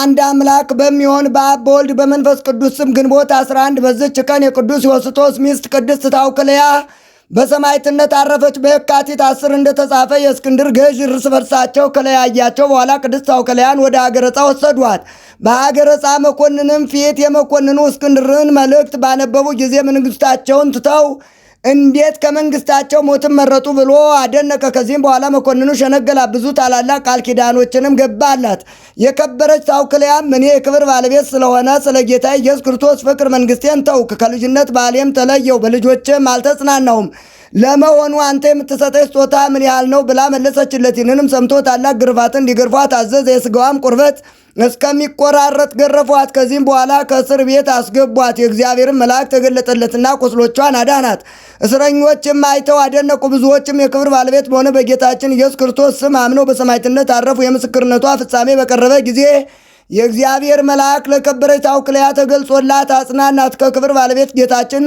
አንድ አምላክ በሚሆን በአብ በወልድ በመንፈስ ቅዱስ ስም ግንቦት 11 በዝች ቀን የቅዱስ ዮስጦስ ሚስት ቅድስት ታውክልያ በሰማይትነት አረፈች። በየካቲት አስር እንደተጻፈ የእስክንድር ገዥ እርስ በርሳቸው ከለያያቸው በኋላ ቅድስት ታውክልያን ወደ አገረ ዕጻ ወሰዷት። በአገረ መኮንንም ፊት የመኮንኑ እስክንድርን መልእክት ባነበቡ ጊዜ መንግስታቸውን ትተው እንዴት ከመንግስታቸው ሞትን መረጡ ብሎ አደነቀ። ከዚህም በኋላ መኮንኑ ሸነገላ፣ ብዙ ታላላቅ ቃል ኪዳኖችንም ገባላት። የከበረች ታውክልያም እኔ የክብር ባለቤት ስለሆነ ስለ ጌታ ኢየሱስ ክርስቶስ ፍቅር መንግስቴን ተውክ፣ ከልጅነት ባሌም ተለየው፣ በልጆችም አልተጽናናውም። ለመሆኑ አንተ የምትሰጠኝ ስጦታ ምን ያህል ነው ብላ መለሰችለት። ይህንንም ሰምቶ ታላቅ ግርፋት እንዲገርፏት አዘዘ። የስጋዋም ቁርበት እስከሚቆራረጥ ገረፏት። ከዚህም በኋላ ከእስር ቤት አስገቧት። የእግዚአብሔርን መልአክ ተገለጠለትና ቁስሎቿን አዳናት። እስረኞችም አይተው አደነቁ። ብዙዎችም የክብር ባለቤት በሆነ በጌታችን ኢየሱስ ክርስቶስ ስም አምነው በሰማዕትነት አረፉ። የምስክርነቷ ፍጻሜ በቀረበ ጊዜ የእግዚአብሔር መልአክ ለከበረች አውክልያ ተገልጾላት አጽናናት። ከክብር ባለቤት ጌታችን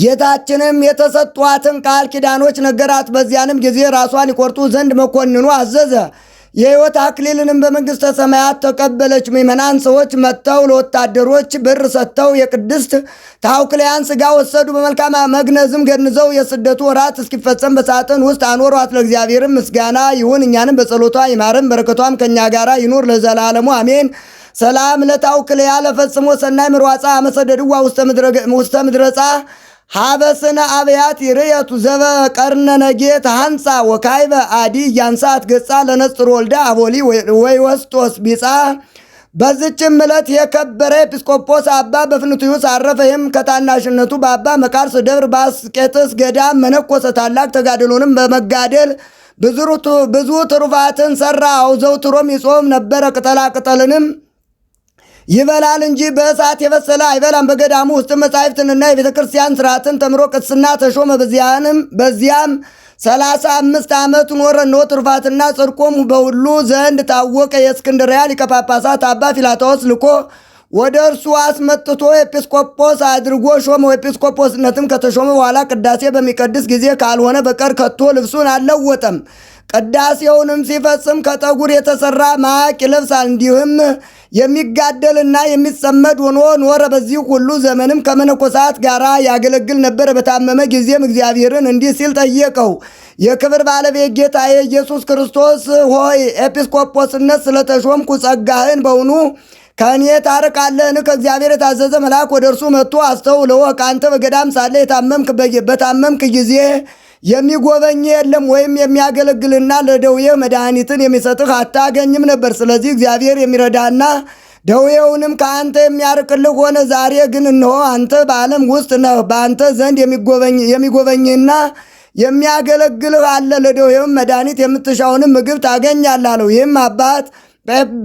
ጌታችንም የተሰጧትን ቃል ኪዳኖች ነገራት። በዚያንም ጊዜ ራሷን ይቆርጡ ዘንድ መኮንኑ አዘዘ። የሕይወት አክሊልንም በመንግሥተ ሰማያት ተቀበለች። ምዕመናን ሰዎች መጥተው ለወታደሮች ብር ሰጥተው የቅድስት ታውክሊያን ሥጋ ወሰዱ። በመልካም መግነዝም ገንዘው የስደቱ ወራት እስኪፈጸም በሳጥን ውስጥ አኖሯት። ለእግዚአብሔርም ምስጋና ይሁን፣ እኛንም በጸሎቷ ይማርም በረከቷም ከእኛ ጋር ይኑር ለዘላለሙ አሜን። ሰላም ለታውክልያ ለፈጽሞ ሰናይ ምርዋፃ አመሰደድዋ ውስተ ምድረጻ ሀበስነ አብያት ይርየቱ ዘበ ቀርነ ነጌት ሐንጻ ወካይበ አዲ ያንሳት ገጻ ለነጽር ወልዳ አቦሊ ወይ ወስጦስ ቢጻ። በዝችም ዕለት የከበረ ኤጲስቆጶስ አባ በፍንትዩስ አረፈ። ይህም ከታናሽነቱ በአባ መቃርስ ደብር በአስቄጥስ ገዳም መነኮሰ። ታላቅ ተጋድሎንም በመጋደል ብዙ ትሩፋትን ሰራ። አውዘውትሮም ይጾም ነበረ ቅጠላ ቅጠልንም ይበላል እንጂ በእሳት የበሰለ አይበላም። በገዳሙ ውስጥ መጻሕፍትንና የቤተ ክርስቲያን ሥርዓትን ተምሮ ቅስና ተሾመ። በዚያንም በዚያም ሰላሳ አምስት ዓመት ኖረ። ኖ ትሩፋትና ጽድቁም በሁሉ ዘንድ ታወቀ። የእስክንድርያ ሊቀ ጳጳሳት አባ ፊላታዎስ ልኮ ወደ እርሱ አስመጥቶ ኤጲስቆጶስ አድርጎ ሾመው። ኤጲስቆጶስነትም ከተሾመ በኋላ ቅዳሴ በሚቀድስ ጊዜ ካልሆነ በቀር ከቶ ልብሱን አልለወጠም። ቅዳሴውንም ሲፈጽም ከጠጉር የተሰራ ማቅ ይለብሳል። እንዲሁም የሚጋደልና የሚጸመድ ሆኖ ኖረ። በዚህ ሁሉ ዘመንም ከመነኮሳት ጋር ያገለግል ነበር። በታመመ ጊዜም እግዚአብሔርን እንዲህ ሲል ጠየቀው። የክብር ባለቤት ጌታ የኢየሱስ ክርስቶስ ሆይ ኤጲስቆጶስነት ስለተሾምኩ ጸጋህን በውኑ ከእኔ ታርቃለህን? ከእግዚአብሔር የታዘዘ መልአክ ወደ እርሱ መጥቶ አስተውለወ ከአንተ በገዳም ሳለ በታመምክ ጊዜ የሚጎበኝ የለም ወይም የሚያገለግልና ለደዌ መድኃኒትን የሚሰጥህ አታገኝም ነበር። ስለዚህ እግዚአብሔር የሚረዳና ደዌውንም ከአንተ የሚያርቅልህ ሆነ። ዛሬ ግን እነሆ አንተ በዓለም ውስጥ ነህ። በአንተ ዘንድ የሚጎበኝና የሚያገለግልህ አለ። ለደዌውም መድኃኒት የምትሻውንም ምግብ ታገኛለህ አለው። ይህም አባት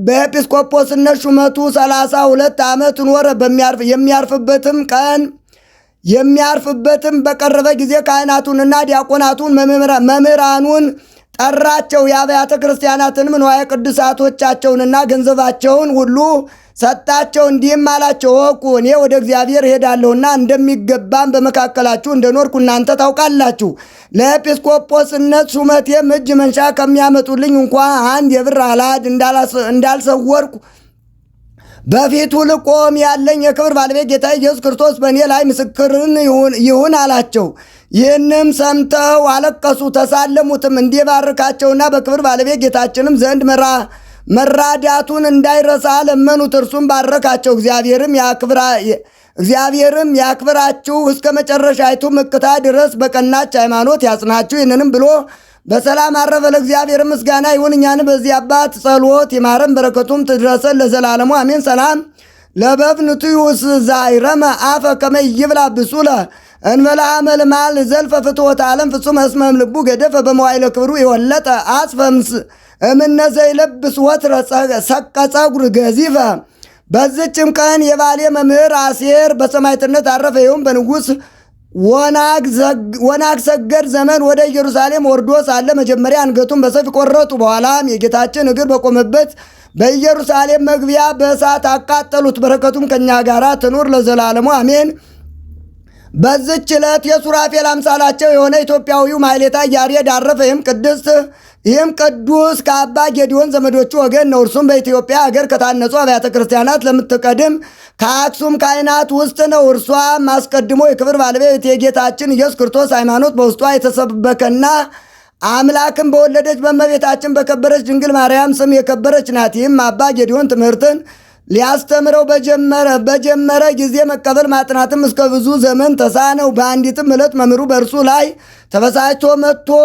በኤጲስቆጶስነት ሹመቱ ሰላሳ ሁለት ዓመት ኖረ። የሚያርፍበትም ቀን የሚያርፍበትም በቀረበ ጊዜ ካህናቱንና ዲያቆናቱን መምህራኑን ጠራቸው። የአብያተ ክርስቲያናትንም ንዋየ ቅዱሳቶቻቸውንና ገንዘባቸውን ሁሉ ሰጣቸው። እንዲህም አላቸው፣ ወቁ እኔ ወደ እግዚአብሔር ሄዳለሁና እንደሚገባም በመካከላችሁ እንደኖርኩ እናንተ ታውቃላችሁ። ለኤጲስቆጶስነት ሹመቴም እጅ መንሻ ከሚያመጡልኝ እንኳ አንድ የብር አላድ እንዳልሰወርኩ በፊቱ ልቆም ያለኝ የክብር ባለቤት ጌታ ኢየሱስ ክርስቶስ በእኔ ላይ ምስክርን ይሁን አላቸው። ይህንም ሰምተው አለቀሱ፣ ተሳለሙትም። እንዲባርካቸውና በክብር ባለቤት ጌታችንም ዘንድ መራዳቱን እንዳይረሳ ለመኑት። እርሱም ባረካቸው። እግዚአብሔርም እግዚአብሔርም ያክብራችሁ እስከ መጨረሻይቱ ምክታ ድረስ በቀናች ሃይማኖት ያጽናችሁ። ይህንንም ብሎ በሰላም አረፈ። ለእግዚአብሔር ምስጋና ይሁን፣ እኛን በዚህ አባት ጸሎት ይማረን፣ በረከቱም ትድረሰን ለዘላለሙ አሜን። ሰላም ለበብንቱዩ ዛይረመ አፈ ከመ ይብላ ብሱለ እንበላሃ መልማል ዘልፈ ፍትወት ዓለም ፍጹም እስመም ልቡ ገደፈ በመዋይለ ክብሩ የወለጠ አጽፈምስ እምነዘይለብስ ወትረ ሰቀ ጸጉር ገዚፈ በዚችም ቀን የባሌ መምህር አሴር በሰማዕትነት አረፈ። ይሁም በንጉሥ ወናግ ሰገድ ዘመን ወደ ኢየሩሳሌም ወርዶ ሳለ መጀመሪያ አንገቱን በሰይፍ ቆረጡ። በኋላም የጌታችን እግር በቆመበት በኢየሩሳሌም መግቢያ በእሳት አቃጠሉት። በረከቱም ከእኛ ጋር ትኑር ለዘላለሙ አሜን። በዝች ዕለት የሱራፌል አምሳላቸው የሆነ ኢትዮጵያዊው ማሌታ ያሬድ አረፈ። ይህም ቅዱስ ይህም ቅዱስ ከአባ ጌዲዮን ዘመዶቹ ወገን ነው። እርሱም በኢትዮጵያ አገር ከታነጹ አብያተ ክርስቲያናት ለምትቀድም ከአክሱም ካህናት ውስጥ ነው። እርሷም አስቀድሞ የክብር ባለቤት የጌታችን ኢየሱስ ክርስቶስ ሃይማኖት በውስጧ የተሰበከና አምላክም በወለደች በእመቤታችን በከበረች ድንግል ማርያም ስም የከበረች ናት። ይህም አባ ጌዲዮን ትምህርትን ሊያስተምረው በጀመረ በጀመረ ጊዜ መቀበል ማጥናትም እስከ ብዙ ዘመን ተሳነው። በአንዲትም ዕለት መምህሩ በእርሱ ላይ ተበሳጭቶ መጥቶ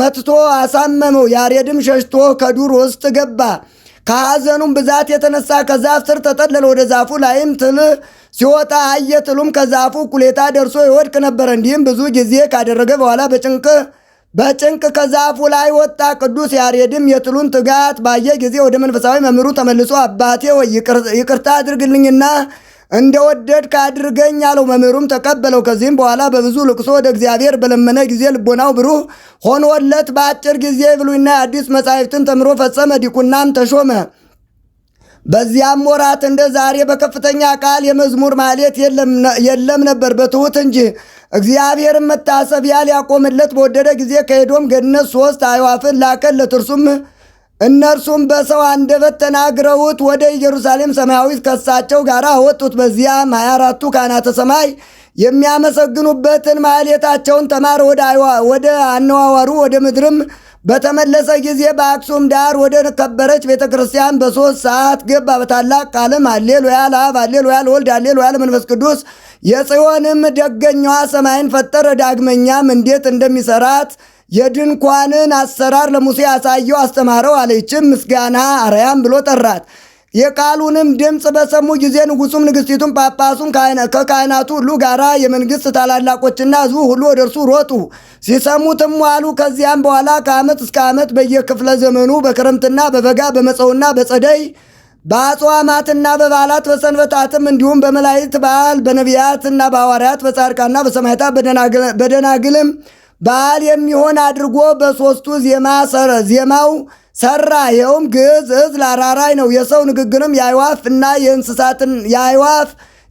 መትቶ አሳመመው። ያሬድም ሸሽቶ ከዱር ውስጥ ገባ። ከሐዘኑም ብዛት የተነሳ ከዛፍ ስር ተጠለለ። ወደ ዛፉ ላይም ትል ሲወጣ አየ። ትሉም ከዛፉ ቁሌታ ደርሶ ይወድቅ ነበር። እንዲህም ብዙ ጊዜ ካደረገ በኋላ በጭንቅ በጭንቅ ከዛፉ ላይ ወጣ። ቅዱስ ያሬድም የጥሉን ትጋት ባየ ጊዜ ወደ መንፈሳዊ መምህሩ ተመልሶ አባቴ ወይ ይቅርታ አድርግልኝና እንደ ወደድክ አድርገኝ አለው። መምህሩም ተቀበለው። ከዚህም በኋላ በብዙ ልቅሶ ወደ እግዚአብሔር በለመነ ጊዜ ልቦናው ብሩህ ሆኖለት በአጭር ጊዜ ብሉይና የአዲስ መጻሕፍትን ተምሮ ፈጸመ። ዲቁናም ተሾመ። በዚያም ወራት እንደ ዛሬ በከፍተኛ ቃል የመዝሙር ማሌት የለም ነበር፣ በትሑት እንጂ። እግዚአብሔርም መታሰቢያ ሊያቆምለት በወደደ ጊዜ ከሄዶም ገነት ሶስት አይዋፍን ላከለት። እርሱም እነርሱም በሰው አንደበት ተናግረውት ወደ ኢየሩሳሌም ሰማያዊት ከሳቸው ጋር አወጡት። በዚያም ሀያ አራቱ ካህናተ ሰማይ የሚያመሰግኑበትን ማሌታቸውን ተማር ወደ አነዋዋሩ ወደ ምድርም በተመለሰ ጊዜ በአክሱም ዳር ወደ ከበረች ቤተ ክርስቲያን በሶስት ሰዓት ገባ። በታላቅ ቃልም አሌሉያ ለአብ፣ አሌሉያ ለወልድ፣ አሌሉያ ለመንፈስ ቅዱስ። የጽዮንም ደገኛዋ ሰማይን ፈጠረ። ዳግመኛም እንዴት እንደሚሰራት የድንኳንን አሰራር ለሙሴ አሳየው፣ አስተማረው። አለችም ምስጋና አርያም ብሎ ጠራት። የቃሉንም ድምፅ በሰሙ ጊዜ ንጉሱም ንግስቲቱም ጳጳሱም ከካህናቱ ሁሉ ጋራ የመንግስት ታላላቆችና ህዝቡ ሁሉ ወደ እርሱ ሮጡ፣ ሲሰሙትም ዋሉ። ከዚያም በኋላ ከዓመት እስከ ዓመት በየክፍለ ዘመኑ በክረምትና በበጋ በመፀውና በጸደይ በአጽዋማትና በበዓላት በሰንበታትም እንዲሁም በመላእክት በዓል በነቢያትና በሐዋርያት በጻድቃና በሰማዕታት በደናግልም በዓል የሚሆን አድርጎ በሦስቱ ዜማ ዜማው ሰራ። ይኸውም ግዕዝ፣ እዝ አራራይ ነው። የሰው ንግግርም የአዕዋፍ እና የእንስሳትን የአዕዋፍ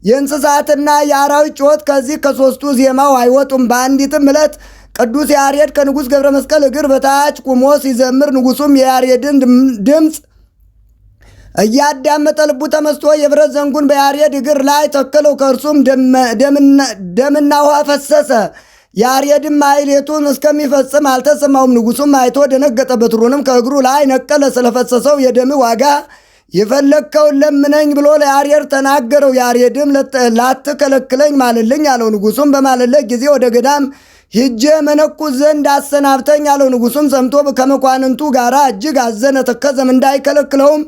የእንስሳትና የአራዊት ጩኸት ከዚህ ከሦስቱ ዜማው አይወጡም። በአንዲትም ዕለት ቅዱስ ያሬድ ከንጉሥ ገብረ መስቀል እግር በታች ቁሞ ሲዘምር ንጉሡም የያሬድን ድምፅ እያዳመጠ ልቡ ተመስጦ የብረት ዘንጉን በያሬድ እግር ላይ ተከለው። ከእርሱም ደምና ውሃ ፈሰሰ። ያሬድም ማሕሌቱን እስከሚፈጽም አልተሰማውም። ንጉሱም አይቶ ደነገጠ። በትሩንም ከእግሩ ላይ ነቀለ። ስለፈሰሰው የደም ዋጋ የፈለግከውን ለምነኝ ብሎ ለያሬድ ተናገረው። ያሬድም ላትከለክለኝ ማልልኝ አለው። ንጉሱም በማለለት ጊዜ ወደ ገዳም ሂጄ መነኩስ ዘንድ አሰናብተኝ አለው። ንጉሱም ሰምቶ ከመኳንንቱ ጋር እጅግ አዘነ። ተከዘም እንዳይከለክለውም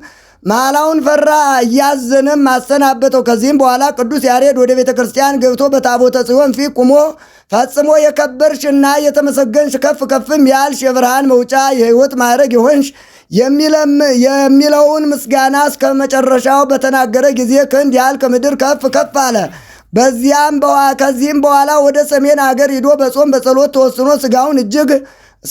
ማላውን ፈራ እያዘነም አሰናበተው። ከዚህም በኋላ ቅዱስ ያሬድ ወደ ቤተ ክርስቲያን ገብቶ በታቦተ ጽዮን ፊት ቁሞ ፈጽሞ የከበርሽና የተመሰገንሽ ከፍ ከፍም ያልሽ የብርሃን መውጫ የሕይወት ማዕረግ የሆንሽ የሚለውን ምስጋና እስከ መጨረሻው በተናገረ ጊዜ ክንድ ያህል ከምድር ከፍ ከፍ አለ። በዚያም ከዚህም በኋላ ወደ ሰሜን አገር ሂዶ በጾም በጸሎት ተወስኖ ስጋውን እጅግ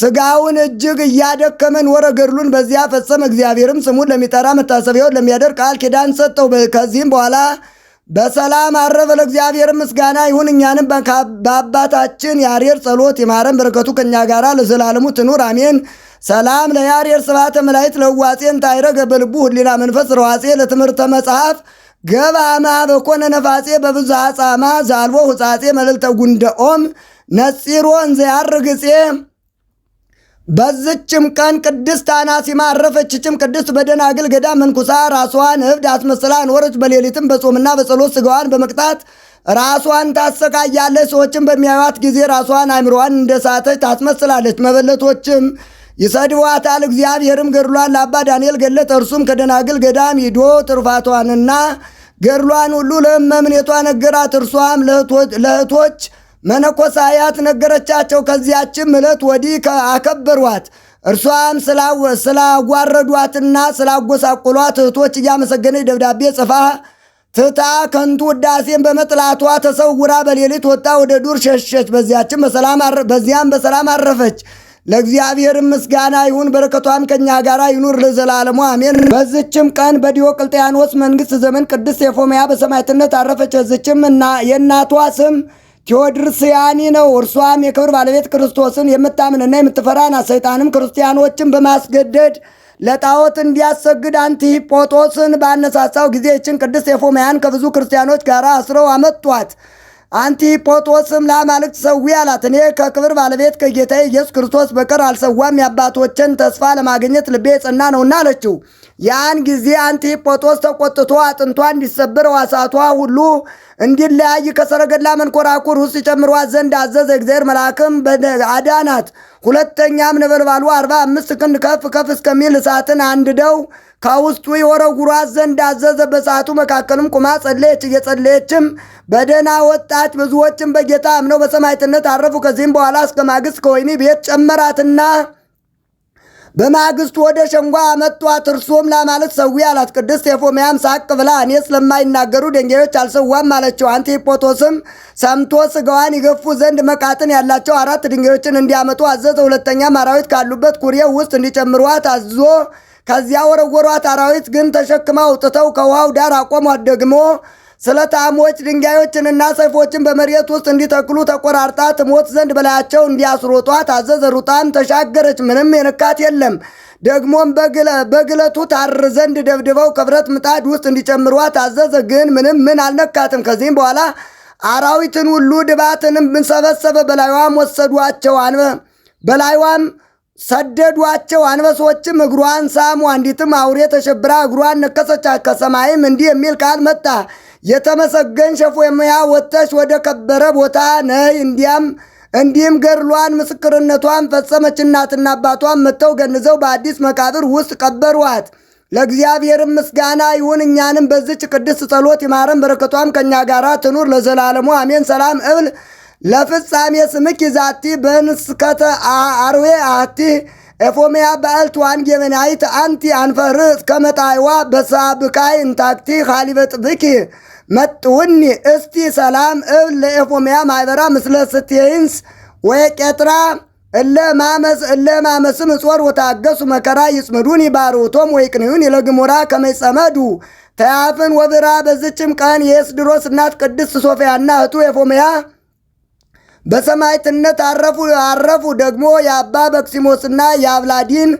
ስጋውን እጅግ እያደከመን ወረ ገድሉን በዚያ ፈጸመ። እግዚአብሔርም ስሙን ለሚጠራ መታሰቢያውን ለሚያደርግ ቃል ኪዳን ሰጠው። ከዚህም በኋላ በሰላም አረፈ። ለእግዚአብሔር ምስጋና ይሁን፣ እኛንም በአባታችን ያሬር ጸሎት ይማረን፣ በረከቱ ከእኛ ጋር ለዘላለሙ ትኑር አሜን። ሰላም ለያሬር ስብሐተ መላእክት ለዋጼን ታይረገ በልቡ ሁሊና መንፈስ ረዋጼ ለትምህርተ መጽሐፍ ገባማ በኮነ ነፋጼ በብዙ አጻማ ዛልቦ ሁጻጼ መልዕልተ ጉንደኦም ነጺሮ እንዘ ያርግጼ በዝችም ቀን ቅድስት አናሲማ አረፈች። ቅድስት በደናግል ገዳም መንኩሳ ራሷን እብድ አስመስላ ኖረች። በሌሊትም በጾምና በጸሎት ስጋዋን በመቅጣት ራሷን ታሰቃያለች። ሰዎችም በሚያዩት ጊዜ ራሷን አእምሮዋን እንደሳተች ታስመስላለች። መበለቶችም ይሰድቧታል። እግዚአብሔርም ገድሏን ለአባ ዳንኤል ገለጠ። እርሱም ከደናግል ገዳም ሂዶ ትርፋቷንና ገድሏን ሁሉ ለእመምኔቷ ነገራት። እርሷም ለእህቶች መነኮሳያት ነገረቻቸው። ከዚያችም ዕለት ወዲህ አከበሯት። እርሷም ስላጓረዷትና ስላጎሳቁሏት እህቶች እያመሰገነች ደብዳቤ ጽፋ ትታ ከንቱ ውዳሴን በመጥላቷ ተሰውራ በሌሊት ወጣ ወደ ዱር ሸሸች። በዚያችም በዚያም በሰላም አረፈች። ለእግዚአብሔር ምስጋና ይሁን፣ በረከቷም ከኛ ጋር ይኑር ለዘላለሙ አሜን። በዝችም ቀን በዲዮቅልጥያኖስ መንግስት ዘመን ቅድስት ሴፎሚያ በሰማዕትነት አረፈች። ዝችም የእናቷ ስም ቴዎድርስያኒ ነው። እርሷም የክብር ባለቤት ክርስቶስን የምታምንና የምትፈራ ናት። ሰይጣንም ክርስቲያኖችን በማስገደድ ለጣዖት እንዲያሰግድ አንቲጶጦስን ባነሳሳው ጊዜ ይችን ቅድስት ኤፎምያን ከብዙ ክርስቲያኖች ጋር አስረው አመጧት። አንቲጶጦስም ለአማልክት ሰዊ አላት። እኔ ከክብር ባለቤት ከጌታ ኢየሱስ ክርስቶስ በቀር አልሰዋም፣ የአባቶችን ተስፋ ለማግኘት ልቤ የጸና ነውና አለችው። ያን ጊዜ አንቲጶጦስ ተቆጥቶ አጥንቷ እንዲሰብር ዋሳቷ ሁሉ እንዲለያይ ከሰረገላ መንኮራኩር ውስጥ ጨምሯት ዘንድ አዘዘ። እግዚአብሔር መልአክም አዳናት። ሁለተኛም ነበልባሉ አርባ አምስት ክንድ ከፍ ከፍ እስከሚል እሳትን አንድደው ከውስጡ የወረጉሯት ዘንድ አዘዘ። በሰዓቱ መካከልም ቁማ ጸለየች። እየጸለየችም በደህና ወጣች። ብዙዎችም በጌታ አምነው በሰማዕትነት አረፉ። ከዚህም በኋላ እስከ ማግስት ከወይኒ ቤት ጨመራትና በማግስቱ ወደ ሸንጓ አመጧት። እርሱም ላማለት ሰዊ አላት። ቅድስት ኤፎምያም ሳቅ ብላ እኔ ስለማይናገሩ ድንጋዮች አልሰዋም አለችው። አንቲፖቶስም ሰምቶ ስጋዋን ይገፉ ዘንድ መቃጥን ያላቸው አራት ድንጋዮችን እንዲያመጡ አዘዘ። ሁለተኛም አራዊት ካሉበት ኩሬ ውስጥ እንዲጨምሯት አዞ ከዚያ ወረወሯት። አራዊት ግን ተሸክማ አውጥተው ከውሃው ዳር አቆሟት። ደግሞ ስለታሞች ድንጋዮችንና ሰይፎችን በመሬት ውስጥ እንዲተክሉ ተቆራርጣ ትሞት ዘንድ በላያቸው እንዲያስሮጧት አዘዘ። ሩጣም ተሻገረች፣ ምንም የንካት የለም። ደግሞም በግለቱ ታር ዘንድ ደብድበው ከብረት ምጣድ ውስጥ እንዲጨምሯት አዘዘ። ግን ምንም ምን አልነካትም። ከዚህም በኋላ አራዊትን ሁሉ ድባትንም ብንሰበሰበ በላይዋም ወሰዷቸው፣ በላይዋም ሰደዷቸው። አንበሶችም እግሯን ሳሙ። አንዲትም አውሬ ተሸብራ እግሯን ነከሰቻት። ከሰማይም እንዲህ የሚል ቃል መጣ ሸፎ እፎምያ ወጥተሽ ወደ ከበረ ቦታ ነይ። እንዲያም እንዲህም ገድሏን ምስክርነቷን ፈጸመች። እናትና አባቷን መጥተው ገንዘው በአዲስ መቃብር ውስጥ ቀበሯት። ለእግዚአብሔርም ምስጋና ይሁን፣ እኛንም በዚች ቅድስት ጸሎት ይማረን፣ በረከቷም ከእኛ ጋር ትኑር ለዘላለሙ አሜን። ሰላም እብል ለፍጻሜ ስምኪ ዛቲ በንስከተ አርዌ አቲ ኤፎሚያ በአልት ዋንጌመናይት አንቲ አንፈርስ ከመጣይዋ በሳብካይ እንታክቲ ኻሊበ ጥብኪ መጥውኒ እስቲ ሰላም እብል ለኤፎምያ ማይበራ ምስለ ስትየይንስ ወይ ቄጥራ እለ ማመስ እለ ማመስም እጾር ወታገሱ መከራ ይጽምዱን ይባርውቶም ወይ ቅንዩን ይለግሞራ ከመይጸመዱ ተያፍን ወብራ በዝችም ቀን የኤስድሮስ እናት ቅድስት ሶፊያና እህቱ ኤፎምያ በሰማዕትነት አረፉ አረፉ። ደግሞ የአባ በክሲሞስና የአብላዲን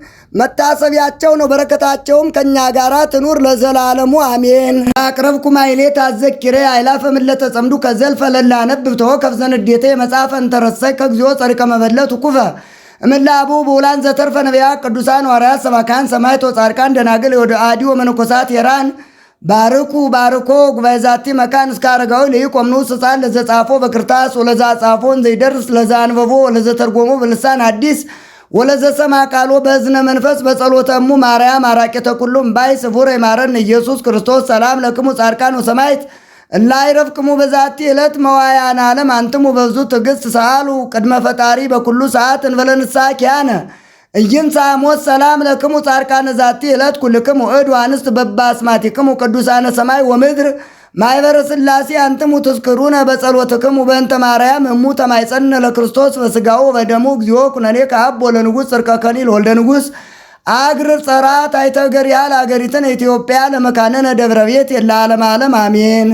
መታሰቢያቸው ነው። በረከታቸውም ከእኛ ጋራ ትኑር ለዘላለሙ አሜን። አቅረብኩ ማይሌት ታዘኪሬ አይላፈ ምለተ ጸምዱ ከዘልፈ ለላ ነብብቶ ከብዘንዴቴ መጽሐፈ እንተረሳይ ከግዚኦ ጸሪቀ መበለት ኩፈ እምላቡ በውላን ዘተርፈ ነቢያ ቅዱሳን ዋርያ ሰባካን ሰማይቶ ወጻድቃን ደናግል ወደ አዲ ወመነኮሳት የራን ባርኩ ባርኮ ጉባኤዛቲ መካን እስካረጋዊ ለይቆም ንዑስ ሕፃን ለዘ ጻፎ በክርታስ ወለዛ ጻፎን ዘይደርስ ለዛ አንበቦ ወለዘተርጎሞ በልሳን አዲስ ወለዘሰማ ቃሎ በእዝነ መንፈስ በጸሎተሙ ማርያም አራቂተ ተኩሉም ባይ ስፉር የማረን ኢየሱስ ክርስቶስ ሰላም ለክሙ ጻድቃን ወሰማይት ላይ ረፍቅሙ በዛቲ ዕለት መዋያን ዓለም አንትሙ በብዙ ትዕግሥት ሰአሉ ቅድመ ፈጣሪ በኩሉ ሰዓት እንበለንሳ ኪያነ ኢይምጻእሞት ሰላም ለክሙ ጻድቃነ ዛቲ ዕለት ኩልክሙ እድ አንስት በባስማቲክሙ ቅዱሳነ ሰማይ ወምድር ማይበረ ሥላሴ አንትሙ ትዝክሩነ በጸሎትክሙ በእንተ ማርያም እሙ ተማይጸነ ለክርስቶስ በሥጋው በደሙ እግዚኦ ኩነኔ ከአብ ወለንጉሥ ጽርቀ ከሊል ወልደ ንጉሥ አግር ጸራት አይተገር ያል አገሪትን ኢትዮጵያ ለመካነነ ደብረ ቤት የለ ዓለም ዓለም አሜን።